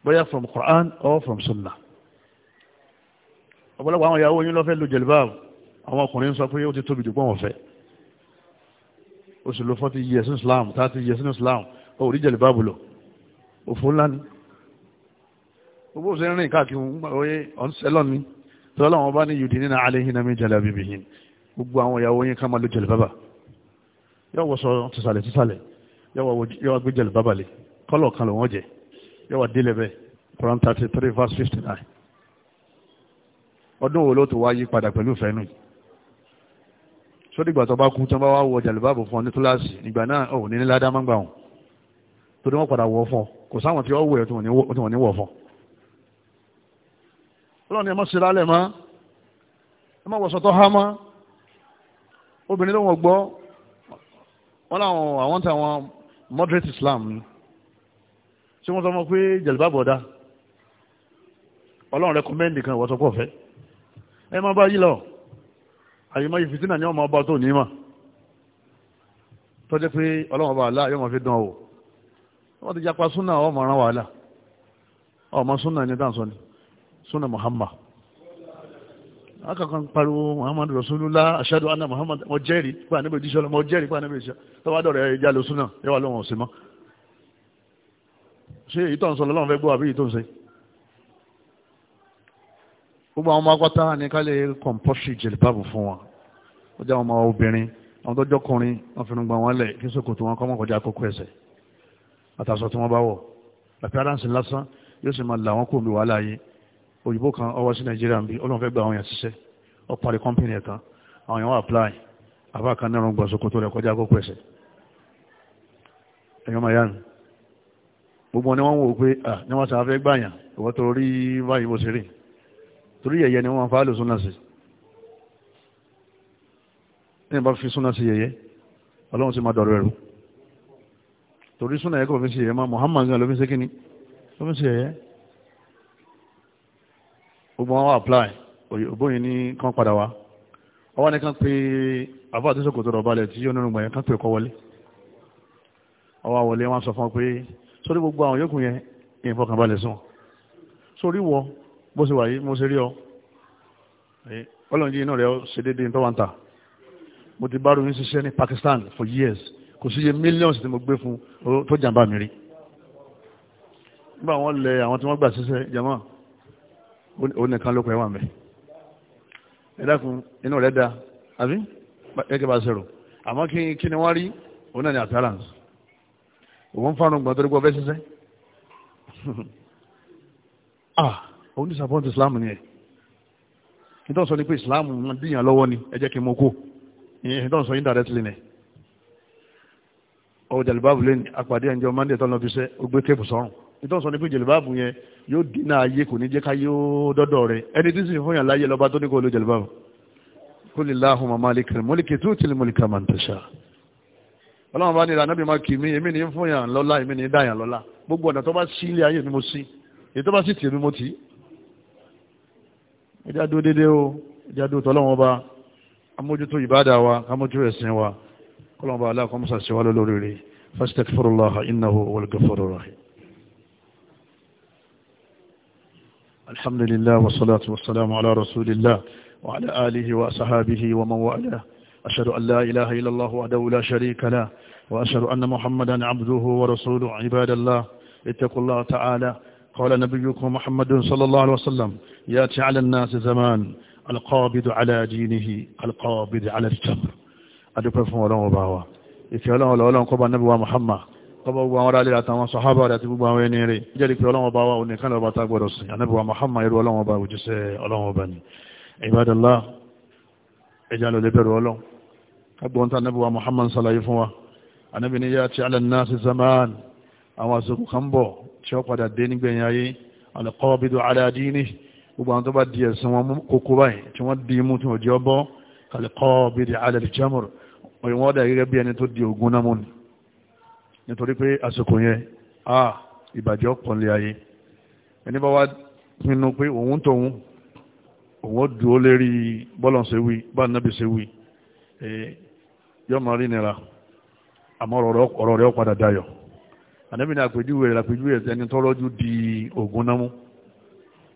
bóyá from Quran or from Sunnah ọ̀pọ̀lọpọ̀ àwọn ìyàwó yín lọ́fẹ́ lu jẹ̀lúbáàbù àwọn ọkùnrin sọ pé ó ti tóbi jù pọ̀ wọ́n fẹ́ ó sì lo Islam thirty years in Islam ó rí jẹ̀lúbáàbù lọ òfò ńlá ni owó ṣe rìn káàkiri ọ̀n sẹ́lọ̀ ni tọ́lá wọn bá ní yìí nínú aléhìn mi jẹ́lẹ̀ bíbí yìí gbogbo àwọn ìyàwó yín ká máa lo jẹ̀lẹ̀ bábà yóò wọ́sọ tìsàlẹ̀ tìsàlẹ̀ yóò gbé jẹ̀lẹ̀ bábà lè kọ́lọ̀ kan lòun jẹ yóò wà délẹ̀ bẹ́ẹ̀ Quran thirty three verse fifty nine ọdún wo ló tó wá yí padà pẹ̀lú ìfẹ́ nù sódìgbà tó bá kú tán bá wá wọ jẹ̀lẹ̀ bábà fún ọ ọlọ́run ẹ má ṣe lálẹ̀ mọ́ ẹ má wọ̀ṣọ́ tó há mọ́ obìnrin ló wọ́n gbọ́ wọ́n láwọn àwọn táwọn moderate Islam ni tí wọ́n sọ mọ́ pé jẹ̀lúbà bọ̀dá ọlọ́run rẹkọmẹ́ndì kan ìwọ́sọ pọ̀ fẹ́ ẹ má bá yí lọ àyè má yí fìtínà ní ọmọ ọba tó ní mà tọ́jẹ́ pé ọlọ́run ọba àlá yóò máa fi dán o wọ́n ti japa súnà ọmọ ọ̀ràn wàhálà ọmọ súnà ní dáǹsọ́ ni sunna muhammad akọ̀kan pariwo muhammad rasulullah ashadu anna muhammad mo jẹ́rìí pa níbi ìdíṣẹ́ ọlọ́mọ jẹ́rìí pa níbi ìṣẹ́ tọ́wádọ̀ rẹ̀ ìjà lọ súnà yẹwà lọ́wọ́ sí mọ́ ṣé èyí tó ń sọ lọ́wọ́ fẹ́ gbọ́ àbí èyí tó ń ṣe gbogbo àwọn ọmọ akọ́ta ní ká lè kọ̀m̀pọ́ṣì jẹ̀lìbáàbù fún wa ó jẹ́ àwọn ọmọ obìnrin àwọn tọ́jọ́ kùnrin wọn fi gbà wọn lẹ̀ kí sókòtò wọn kọ́ mọ́kànjá àkókò ẹsẹ̀ àtàṣọ tí wọ́n bá wọ̀ àti adáǹsì lásán yóò sì máa là wọn kò mi wàhálà yìí òyìnbó kan ọwọ́ sí nàìjíríà ń bí ọlọ́run fẹ́ gba àwọn èèyàn ṣiṣẹ́ ó parí kọ́mpìnì ẹ̀ tán àwọn èèyàn wà apply àbá kan náà gbọ́n sókò tó rẹ̀ kọjá kókó ẹ̀sẹ̀ ẹ̀yọ́ máa yánu gbogbo wọn ni wọ́n wò pé à ní wọ́n sàáfẹ́ gbàyàn ìwọ́n tó rí báyìí bó ṣe rí torí yẹ̀yẹ́ ni wọ́n fa lò súnà sí ní ìbá fi súnà sí yẹ̀yẹ́ ọlọ́run sì máa dọ̀rọ̀ ẹ̀rú torí súnà yẹ Muhammad gan ló fi sí gbogbo wọn wá apply òyìnbó yìí ní kán padà wá ọwọ́ ní kán pé àbá àti sòkòtò rọ̀ balẹ̀ tí onírun gbọ̀nyẹn kán pè kọ́ wọlé ọwọ́ wọlé wọn sọ fún ọ pé sórí gbogbo àwọn yòókù yẹn ìfọkànbalẹ̀ sùn sórí wọ bó ṣe wà yìí mo ṣe rí ọ ọlọ́run yìí náà rẹ̀ ṣe déédéé tó wà ń mo ti bá ròyìn ṣiṣẹ́ ní Pakistan for years kò síye millions tí mo gbé fún tó jàǹbá mi rí nígbà wọn lẹ àwọn tí wọ́n gbà ṣiṣẹ́ jẹmọ́ òun nìkan ló pẹ́ wà mẹ́ ẹ̀dàkùn inú rẹ̀ da àbí gẹ́gẹ́ bá ṣẹ̀rọ àmọ́ kí kí ni wọ́n rí òun náà ní appearance òun fánu gbọ́n torí pé ṣiṣẹ́ ah òun disappoint Islam ni ẹ̀ nítorí sọ ni pé Islam díyàn lọ́wọ́ ni ẹ jẹ́ kí n mọ kó nítorí sọ yín directly ni ọ̀jàlùbáàbù lẹ́nu àpàdé ẹ̀jọ̀ Monday tó lọ fi ṣe ó gbé kéèpù sọ́run nítorí sọ ní pé jẹ̀lúbáàbù yẹn yóò dínà ayé kò ní jẹ́ ká yóò dọ́dọ̀ rẹ̀ ẹni tí sì fún yàn láyé lọ́ba tó ní kó lo jẹ̀lúbáàbù kul Allahumma malikal mulki tu'til mulka man tasha ọlọ́run bá ní ìlànà bí máa kì mí èmi ní fún yàn lọ́lá èmi ní dáyàn lọ́lá gbogbo ọ̀nà tó bá sí ilé ayé mi mo sí èyí tó bá sì tì mí mo tì í ẹjá dó dédé o ẹjá dó tọ́lọ́wọ́n الحمد لله والصلاة والسلام على رسول الله وعلى آله وأصحابه ومن والاه أشهد أن لا إله إلا الله وحده لا شريك له وأشهد أن محمدا عبده ورسوله عباد الله اتقوا الله تعالى قال نبيكم محمد صلى الله عليه وسلم ياتي على الناس زمان القابض على دينه القابض على التمر أدوكم فمولون وباوا إتي الله ولولا قبى النبي محمد kọba gbogbo àwọn aráàlẹ́ àtàwọn sọ̀hábà àti gbogbo àwọn ẹni rẹ̀ jẹ́rìí pé ọlọ́wọ́ bá wà òní kánà ọba tágbọ̀dọ̀ sí anábíwá Muhammad irú ọlọ́wọ́ bá òjíṣẹ́ ọlọ́wọ́ bá ní ìbádọ́lá ẹja lọ lẹ́bẹ̀rù ọlọ́wọ́ agbóhun tá anábíwá Muhammad sàlàyé fún wa anábì ní yá ti alẹ́nà sí zaman àwọn àsìkò kan bọ̀ tí ó padà dé nígbẹ̀yìn ayé alẹ́kọ́bídò aládìíní nítorí pé àsìkò yẹn a ìbàjẹ́ ọ̀pọ̀lẹ̀ ayé ẹni bá wá pinnu pé òun tóun òun ó dúró lérí bọ́lọ̀ ṣe wí bá nábì ṣe wí yóò máa rí nira àmọ́ ọ̀rọ̀ rẹ̀ ó padà dayọ̀ ànábì ní àpèjúwe rẹ̀ àpèjúwe rẹ̀ ẹni tó di ògùn náà mú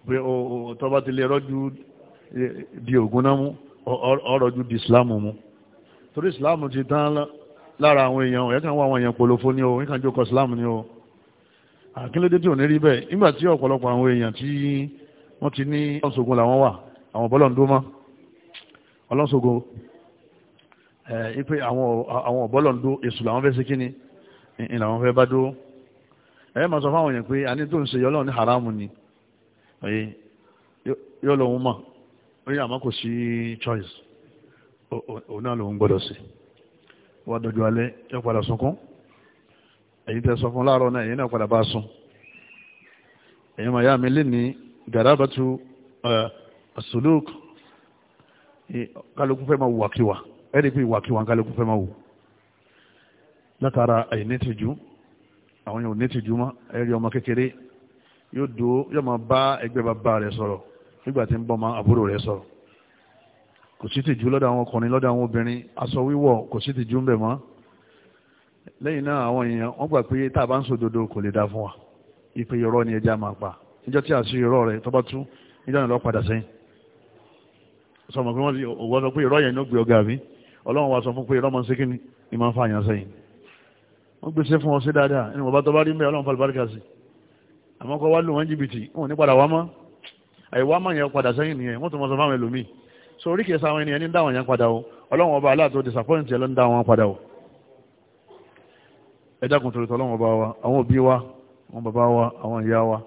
pé tó bá ti lè rọ́jú e, di ògùn náà mú ọ̀rọ̀jú di ìsìláàmù mú torí ìsìláàmù ti tán lára àwọn èèyàn ẹ̀kan wá àwọn èèyàn polofo ni o ẹ̀kan jókòó islam ni o àkílódé tí ò ní rí bẹ́ẹ̀ nígbà tí ọ̀pọ̀lọpọ̀ àwọn èèyàn tí wọ́n ti ní ọlọ́sọ̀gùn làwọn wà àwọn bọ́lọ̀ ń dó pé àwọn ọ̀bọ́lọ̀ ń làwọn ṣe kí ni làwọn bá èèyàn pé àní tó ń wọ́n dọ̀jọ́ alẹ́ yóò padà sunkún èyí tẹ́ sọ fún láàárọ̀ náà èyí náà padà bá sùn èyí màá yá mi lé ní gàdábàtú asuluk kálukú fẹ́ máa wù wàkíwà ẹ̀rí pé ìwàkíwà kálukú fẹ́ máa wù látara àyè ní tìjú àwọn yóò ní tìjú mọ́ ẹ̀rí ọmọ kékeré yóò dúró yóò máa bá ẹgbẹ́ bàbá rẹ̀ sọ̀rọ̀ nígbà tí ń bọ́ máa àbúrò rẹ̀ sọ̀rọ̀ kò sí tìjú lọ́dọ̀ àwọn ọkùnrin lọ́dọ̀ àwọn obìnrin aṣọ wíwọ̀ kò sí tìjú ń bẹ̀ mọ́ lẹ́yìn náà àwọn èèyàn wọ́n gbà pé tá a bá ń sòdodo kò lè dá fún wa ìpè irọ́ ni ẹja máa pa níjọ́ tí a sí irọ́ rẹ̀ tó bá tú níjọ́ náà lọ padà sẹ́yìn sọmọ pé wọ́n sọ pé irọ́ yẹn ló gbé ọgá mi ọlọ́run wa sọ fún pé irọ́ máa ń sékìní ni máa ń fa àyàn sẹ́yìn wọ́n gbèsè fún ọ sí dáadáa ẹni wọ́n bá tọ́ bá rí mẹ́ ọlọ́run falùbáríkà sí àmọ́ kọ́ wá lù wọ́n jìbìtì wọn ò ní padà wá mọ́ àìwá mọ́ yẹn padà sẹ́yìn nìyẹn wọ́n tún mọ́ sọ fáwọn ẹlòmíì so orí kìí sáwọn ènìyàn ní dáwọn yẹn padà o ọlọ́run ọba aláàtò disappoint yẹn ló ń dáwọn padà o ẹ dákun torí ọba wa àwọn òbí wa àwọn bàbá wa àwọn ìyá wa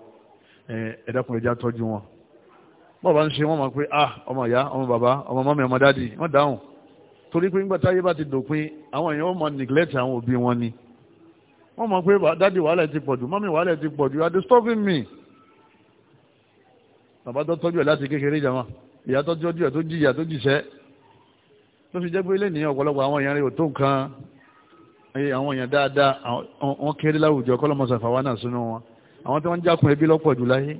ẹ ẹja tọ́jú wọn bọ́ọ̀bá ń ṣe wọ́n mọ̀ pé ah ọmọ ìyá ọmọ bàbá ọmọ mọ́mí ọmọ dádì wọ́n dáhùn torí pé nígbà táyé bá ti dòpin àwọn èèyàn ọmọ neglect àwọn òbí wọn ni wọ́n mọ̀ pé dádì wàhálà ti pọ̀jù mọ́mí wàhálà ti pọ̀jù you are disturbing me bàbá tó tọ́jú ẹ̀ láti kékeré jama ìyá tó jọjú ẹ̀ tó jìyà tó jìṣẹ́ tó fi jẹ́ pé lè ní ọ̀pọ̀lọpọ̀ àwọn èèyàn rẹ̀ ò tó nǹkan àwọn èèyàn dáadáa wọ́n kéré láwùjọ kọ́lọ́mọsán fàwa náà sínú wọn àwọn tí wọ́n ń jákun ẹbí lọ́pọ̀ jù láyé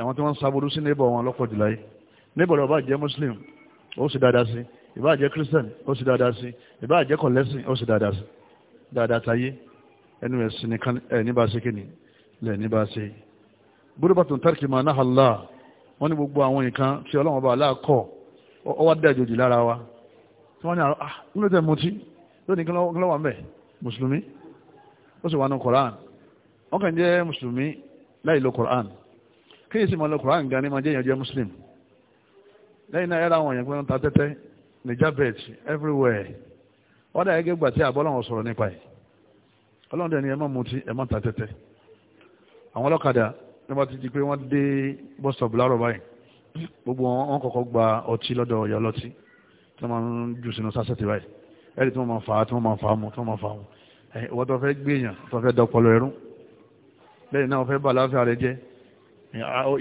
àwọn tí wọ́n ń sí níbọ̀ wọn lọ́pọ̀ jù láyé níbọ̀ lọ́ba jẹ́ muslim ó sì dáadáa sí ìbá jẹ́ christian ó sì dáadáa sí ìbá jẹ́ kọ̀lẹ́sìn ó sì dáadáa sí dáadáa táyé ẹnu ẹ̀sìn nìkan ẹ̀ níbà sí kìnnì lẹ̀ níbà sí. burúkú bàtún tàrkì máa náà wọ́n ní gbogbo àwọn nǹkan tí ọlọ́run ọba aláàkọ́ ọwọ́ dẹ́jòjì lára wa tí wọ́n ní àrọ́ ah nílò tẹ́ lónìí kí mẹ́ mùsùlùmí ó sì wà ní koran wọ́n kàn jẹ́ mùsùlùmí láì lo koran kéyìí sì máa lo koran gan ni máa jẹ́ lẹ́yìn náà àwọn èèyàn pé wọ́n ta tẹ́tẹ́ everywhere wọ́n dà gẹ́gẹ́ gbà tí sọ̀rọ̀ nípa ẹ̀ ọlọ́run dẹ̀ ni nígbà tí ti pé wọ́n dé bọ́sọ̀bù láàárọ̀ báyìí gbogbo wọn kọ́kọ́ gba ọtí lọ́dọ̀ ọ̀yà ọlọ́tí tí wọ́n máa ń jù sínú sásẹ̀tì báyìí ẹ̀rí tí wọ́n máa fà á tí wọ́n máa fà á mu tí wọ́n máa fà á mu ìwọ́n tó fẹ́ gbìyàn tó fẹ́ dọpọlọ ẹ̀rú lẹ́yìn náà fẹ́ bà láfíà rẹ jẹ́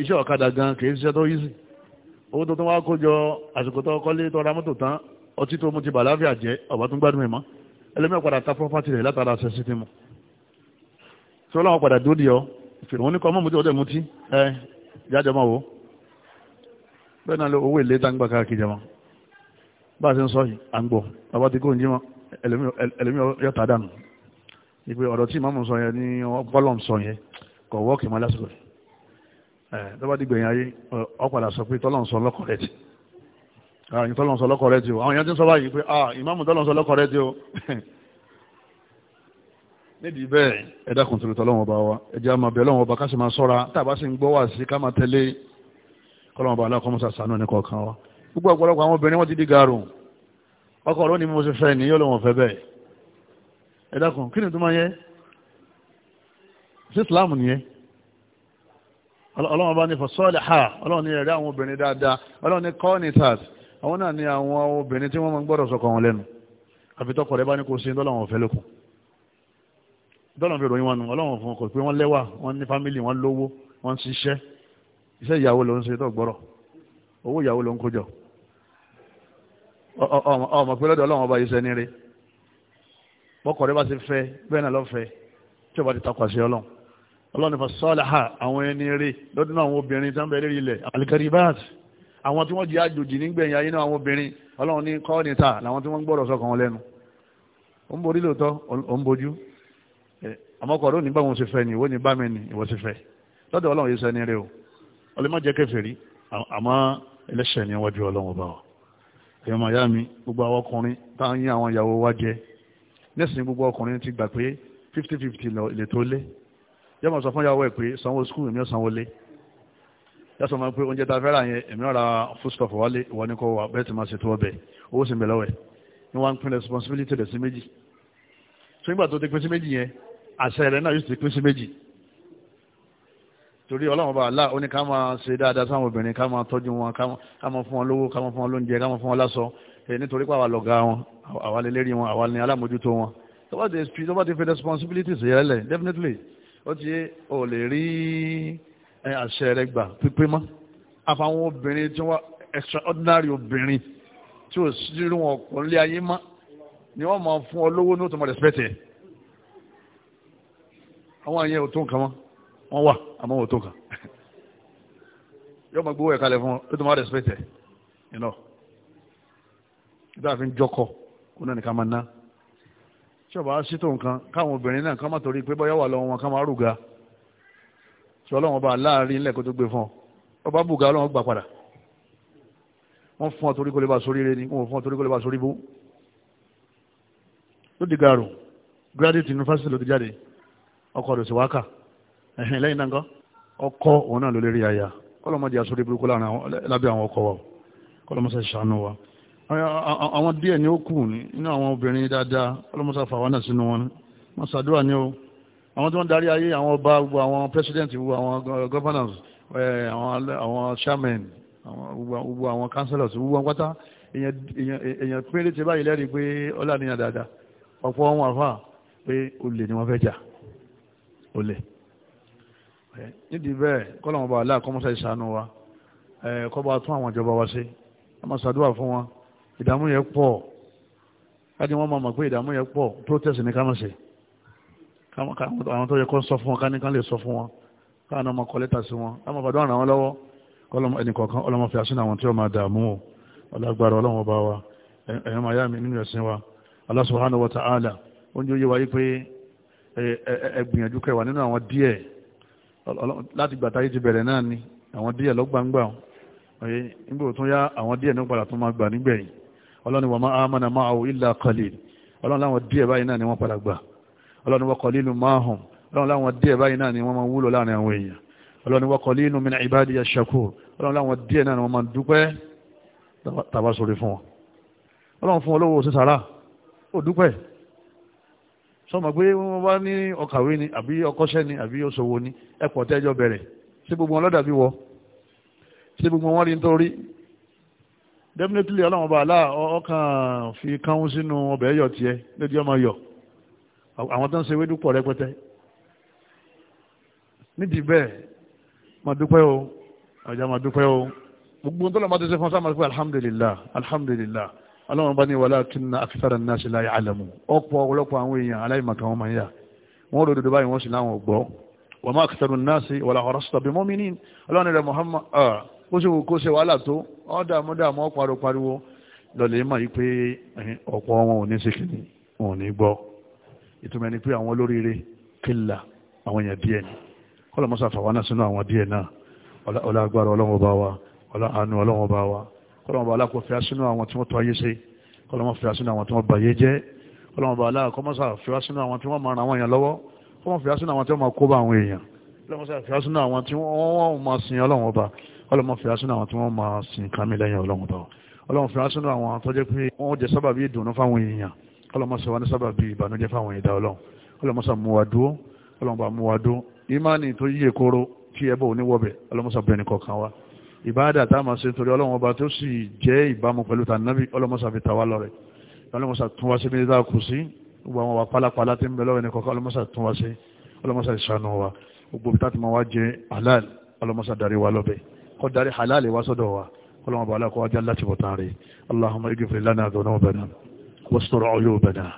iṣẹ́ ọ̀kadà gan kì í ṣiṣẹ́ tó yíṣì owó tó tún kó jọ àsìkò tó kọ́lé tó ra mọ́tò tán ọtí tó mu ti bà láfíà jẹ́ ọ̀bá tó gbádùn ẹ̀mọ́ ẹlẹ́mìí padà ta property rẹ̀ látara ṣẹ́ṣí tí wọ́n láwọn padà dúró di ọ fèrè wọn ní kọ́ mọ́ mutí ọdẹ mutí ẹ jáde máa wò bẹ́ẹ̀ náà lọ owó èlé tá ń gbà káàkiri jẹ́ wọn bá a ṣe ń sọ yìí à ń gbọ́ bàbá ti kó ń jí mọ́ ẹlẹ́mí yọ̀tà dànù ìpè ọ̀rọ̀ tí màmú sọ yẹn ní ọpọlọ́m sọ yẹn kọ̀ wọ́ọ̀kì mọ́ lásìkò yìí ẹ lọ́ba ti gbẹ̀yìn ayé ọ̀padà sọ pé tọ́lọ́n sọ sọ lọ́kọ̀ rẹ̀ ti àwọn yẹn ti ń sọ báyìí pé ah ìmáàmù tọ́lọ́n sọ lọ́kọ̀ rẹ̀ nídìí bẹ́ẹ̀ ẹ dákun torí tọ́lọ́wọ́n bá wa ẹ jẹ́ àmọ́ bẹ́ẹ̀ lọ́wọ́n bá ká sì máa sọ́ra tá a bá sì ń gbọ́ wá sí ká máa tẹ́lé kọ́lọ́wọ́n bá aláàkọ́ mọ́sá sànú ní kọ̀ọ̀kan wa gbogbo ọ̀pọ̀lọpọ̀ àwọn obìnrin wọ́n ti di gaarun ọkọ lónìí mo ṣe fẹ́ ni yóò lọ́wọ́n fẹ́ bẹ́ẹ̀ ẹ dákun kí ni tó máa yẹ sí Islam nìyẹn ọlọ́wọ́n bá ní fọ́sọ́ọ̀lì ha ọlọ́wọ́n ní ẹ̀rẹ́ àwọn obìnrin dáadáa ọlọ́wọ́n ní kọ́ọ̀nì tàt àwọn náà ní àwọn obìnrin tí wọ́n máa ń gbọ́dọ̀ sọ̀kọ̀ wọn lẹ́nu dọ́là fi ròyìn wọn nù ọlọ́run fún ọkọ̀ pé wọ́n lẹ́wà wọ́n ní fámìlì wọ́n lówó wọ́n ṣiṣẹ́ iṣẹ́ ìyàwó ló ń ṣe tó gbọ́rọ̀ owó ìyàwó ló ń kó jọ ọmọ pé lọ́dọ̀ ọlọ́run ọba yìí sẹ́ni rí bọ́kọ̀ rẹ bá ti fẹ́ bẹ́ẹ̀ náà lọ́fẹ́ tí ọba ti takọ̀ sí ọlọ́run ọlọ́run fa sọ́ọ̀lá ha àwọn ẹni rí lọ́dún àwọn obìnrin tó ń bẹ lérí ilẹ̀ alikaribat àwọn tí wọ́n jẹ́ àjòjì nígbẹ̀yìn ayé náà àwọn obìnrin ọlọ́run ní kọ́ọ̀nì ta làwọn tí wọ́n ń gbọ́dọ̀ sọ́kàn wọn lẹ́nu ó ń borí lóòótọ́ ó ń bojú àmọ́kọ̀ ló wọn ṣe fẹ́ ni ìwọ ní bá mi ni ìwọ ṣe fẹ́ lọ́dọ̀ ọlọ́run yìí sẹ́ni rẹ o ọlẹ́ má jẹ́ kèfèrí àmọ́ ẹlẹ́ṣẹ̀ ni wọ́n ju ọlọ́run bá wa èèyàn màá yá mi gbogbo àwọn ọkùnrin tá à ń yín àwọn ìyàwó wa jẹ nẹ́sìn gbogbo ọkùnrin ti gbà pé fifty fifty lè tó lé yẹ́ mọ̀ sọ fún ìyàwó ẹ̀ pé sanwó skul èmi ò sanwó lé yàtọ̀ máa pé oúnjẹ ta fẹ́ra yẹn èmi ọ̀ra foodstuff wálé ìwọ ní kọ́ wà bẹ́ẹ̀ tí máa ṣètò ọbẹ̀ owó sì ń bẹ̀ lọ́wẹ̀ ni wọ́n ń pín responsibility rẹ̀ sí méjì tó nígbà tó ti pín sí méjì yẹn àṣẹ rẹ̀ náà yóò sì pín sí méjì torí ọlọ́run bá aláà ó ní ká máa ṣe dáadáa sáwọn obìnrin ká máa tọ́jú wọn ká máa fún wọn lówó ká máa fún wọn lóúnjẹ ká máa fún wọn láṣọ nítorí pé àwa lọ̀gá wọn àwa lè lérí wọn àwa ni alámòjútó wọn tó bá ti tó bá ti fi responsibilities yẹn lẹ̀ definitely ó ti ò lè rí àṣẹ rẹ̀ gbà pípé mọ́ àfàwọn obìnrin tí wọ́n extraordinary obìnrin tí ò sí rí wọn ọ̀pọ̀ nílé ayé mọ́ ni wọ́n máa fún ọ lówó ní ó tó mọ̀ respect àwọn àyẹn ò tó nǹkan wọn wọ́n wà àmọ́ ò tó nǹkan yọ́ọ́ máa gbowó ẹ̀ kalẹ̀ fún wọn ó tó máa respect ẹ̀ you know ìdáàfin jọkọ̀ kó náà nìkan máa ná ṣọba ṣètò nǹkan káwọn obìnrin náà kán má torí pé bọ́yá wà lọ́wọ́ wọn kán máa rúga ṣọ ọlọ́wọ́n bá láàrin ilẹ̀ kó tó gbé fún ọ ọba bùgá ọlọ́wọ́n gbà padà wọ́n fún ọ torí kó lè bá sórí rẹ ni wọ́n fún ọ torí kó lè bá sórí bú ó di gàrú graduate university ló ti jáde ọkọ rẹ̀ sì wákà ẹ̀hìn lẹ́yìn náà nǹkan ọkọ òun náà ló lè rí aya kọ́lọ́mọdé aṣọ́rí burúkú lábẹ́ àwọn ọkọ wa kọ́lọ́mọsẹ̀ ṣàánú wa àwọn díẹ̀ ni ó kù nínú àwọn obìnrin dáadáa kọ́lọ́mọsẹ̀ fàwọn náà sínú wọn wọn ṣàdúrà ní o àwọn tí wọ́n darí ayé àwọn ọba gbogbo àwọn president gbogbo àwọn governors àwọn chairman gbogbo àwọn councillors gbogbo wọn pátá èèyàn péré ti báyìí lẹ́rìí pé ọlá níyàn dáadáa ọ̀pọ̀ wọn àfà pé olè ni wọ́n fẹ́ jà ó lẹ̀ nídìí bẹ́ẹ̀ kọ́lọ́mù bá aláà kọ́mọ́sá ìsànú wa kọ́ba tún àwọn ìjọba wa ṣe wọ́n máa ṣàdúrà fún wọn ìdààmú yẹn pọ̀ káàdì wọ́n máa mọ̀ pé ìdààmú yẹn pọ̀ protest ní kámọ̀ ṣe àwọn tó yẹ kó sọ fún wọn káníkan lè sọ fún wọn káwọn náà máa kọ́ lẹ́tà sí wọn láwọn bàdó àràn wọn lọ́wọ́ kọ́lọ́mù ẹnìkọ̀ọ̀kan ọlọ́mọ fi àṣìnà àwọn tí wọ́n máa dààmú o ọlágbára ọlọ́wọ́n bá wa ẹ̀yọ́n máa mi nínú ẹ̀sìn wa Allah subhanahu wa ta'ala oúnjẹ yé wáyé pé ẹgbìyànjú kẹwàá nínú àwọn díẹ̀ láti gbàtà yìí ti bẹ̀rẹ̀ náà ni àwọn díẹ̀ lọ gbangba ọ̀yẹ́ nígbà tó yá àwọn díẹ̀ náà padà tó máa gbà nígbẹ̀yìn ọlọ́ni wà máa amana ma'ahu illa qalil ọlọ́ni láwọn díẹ̀ báyìí náà ni wọ́n padà gbà ọlọ́ni wa qalilun ma'hum ọlọ́ni láwọn díẹ̀ báyìí náà ni wọ́n máa wúlò láàrin àwọn èèyàn ọlọ́ni wa qalilun min ibadiya shakur ọlọ́ni láwọn díẹ̀ náà ni wọ́n máa dúpẹ́ tàbá sórí fún wọn ọlọ́run fún olówó sí ó dúpẹ́ sọmọ pé wọ́n wá ní ọkàwé ni àbí ọkọ́ṣẹ́ ni àbí ọṣòwò ni ẹ̀pọ̀ tẹ́jọ́ bẹ̀rẹ̀ ṣé gbogbo wọn lọ́dà bí ṣé gbogbo wọn rí nítorí definitely ọlọ́run ọba àlá ọkàn fi kánwó sínú ọbẹ̀ ẹ̀yọ̀ tiẹ̀ lójú ọmọ yọ̀ àwọn tó ń ṣe wédú pọ̀ rẹpẹtẹ nídìí bẹ́ẹ̀ máa dúpẹ́ o ọjà máa dúpẹ́ o gbogbo tó lọ́ọ́ máa ti ṣe fún sáà máa dúpẹ́ alhamdulillah alhamdulillah ọlọ́run bá ní walakinna akthara an-nasi la ya'lamun ọ̀pọ̀ ọ̀pọ̀lọpọ̀ àwọn èèyàn aláìmọ̀kan wọn máa ń yà wọ́n rò dòdò báyìí wọ́n sì láwọn ògbọ́ wa ma aktharu an-nasi wa law harasta bi mu'minin ọlọ́run rẹ̀ Muhammad ó sì wù kó ṣe wàhálà tó ọ̀dààmú dààmú ọ̀pariwo pariwo lọ́lẹ̀ mọ̀ yí pé ọ̀pọ̀ wọn ò ní sí kìíní wọn ò ní gbọ́ ìtumọ̀ ni pé àwọn olóríire kọ́lọ́mọ bàálà kò fìyà sínú àwọn tí wọ́n tọ́ ayé ṣe kọ́lọ́mọ fìyà sínú àwọn tí wọ́n bàyé jẹ́ kọ́lọ́mọ bàálà kọ́mọ́sà fìyà sínú àwọn tí wọ́n máa ran àwọn èèyàn lọ́wọ́ kọ́mọ́ fìyà sínú àwọn tí wọ́n máa kó bá àwọn èèyàn kọ́lọ́mọ́sà fìyà sínú àwọn tí wọ́n máa sin ọlọ́run ọba kọ́lọ́mọ fìyà sínú àwọn tí wọ́n máa sin kàmí lẹ́yìn ọlọ́run ọba ọlọ́run fìyà sínú àwọn tó jẹ́ pé wọ́n jẹ́ sábàbí ìdùnnú fáwọn wa ìbáàdà tá a máa ṣe nítorí ọlọ́run ọba tó sì jẹ́ ìbámu pẹ̀lú tànàbí ọlọ́mọṣà fi tàwa lọ rẹ̀ ọlọ́mọṣà tún wá sí bí níta kù sí gbogbo àwọn wa pálapàla tí ń bẹ lọ́wọ́ ẹni kọ̀ọ̀kan ọlọ́mọṣà tún wá sí ọlọ́mọṣà ìṣànú wa gbogbo bí táti wá jẹ halal ọlọ́mọṣà darí wa lọ́bẹ̀ kọ́ darí halal wá sọ́dọ̀ wa ọlọ́mọ bàálà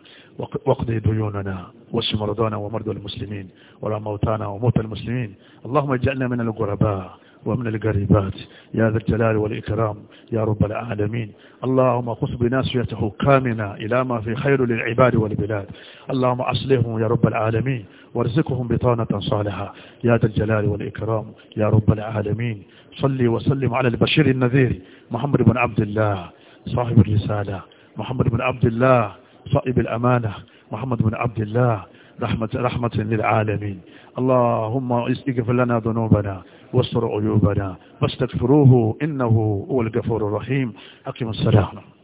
ديوننا واشف مرضانا ومرضى المسلمين ولا موتانا وموتى المسلمين اللهم اجعلنا من الغرباء ومن القريبات يا ذا الجلال والإكرام يا رب العالمين اللهم خص بناسيته كامنا إلى ما في خير للعباد والبلاد اللهم أصلهم يا رب العالمين وارزقهم بطانة صالحة يا ذا الجلال والإكرام يا رب العالمين صلي وسلم على البشير النذير محمد بن عبد الله صاحب الرسالة محمد بن عبد الله صائب الأمانة محمد بن عبد الله رحمة, رحمة للعالمين اللهم اغفر لنا ذنوبنا واستر عيوبنا واستغفروه إنه هو الغفور الرحيم أقم السلام